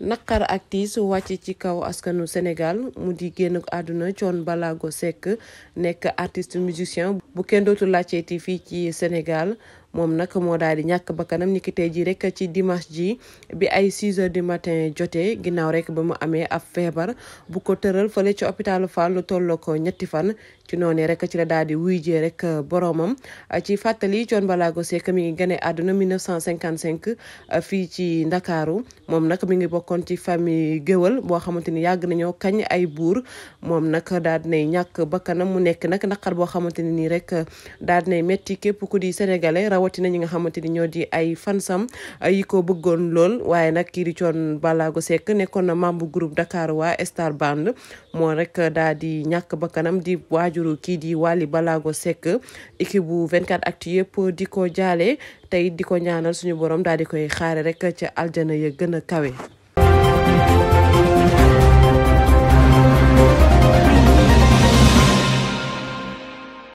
naqar ak tiis wàcc ci kaw askanu Sénégal mu di génn àdduna bala Ballago Seck nekk artiste musicien bu kenn dootu laajteeti fii ci Sénégal moom nag moo daal di ñàkk bakkanam ni ki tey ji rek ci dimanche ji bi ay 6 heures du matin jotee ginnaaw rek ba mu amee ab feebar bu ko tëral fële ci hôpitalu Fann lu tolloo ko ñetti fan ci noonu rek ci la daal di wuy jee rek boromam ci fàttali Thione Ballago Seck mi ngi gane àdduna 1955 fii ci Ndakaaru moom nag mi ngi bokkoon ci famille géwël boo xamante ni yàgg nañoo kañ ay buur moom nag daal dinay ñàkk bakkanam mu nekk nag naqar boo xamante ne nii rek daal dinay metti képp ku di sénégalais rawatina ñi nga xamante ni ñoo di ay fansam yi ko bëggoon lool waaye nag kii di Thione Ballago Seck nekkoon na membre group Dakar wa Star Band moo rek daa di ñàkk bakkanam di waajuru kii di Wally Ballago Seck équipe bu 24 actu yëpp di ko jaalee tey di ko ñaanal suñu borom daal di koy xaare rek ca aljana ya gën a kawe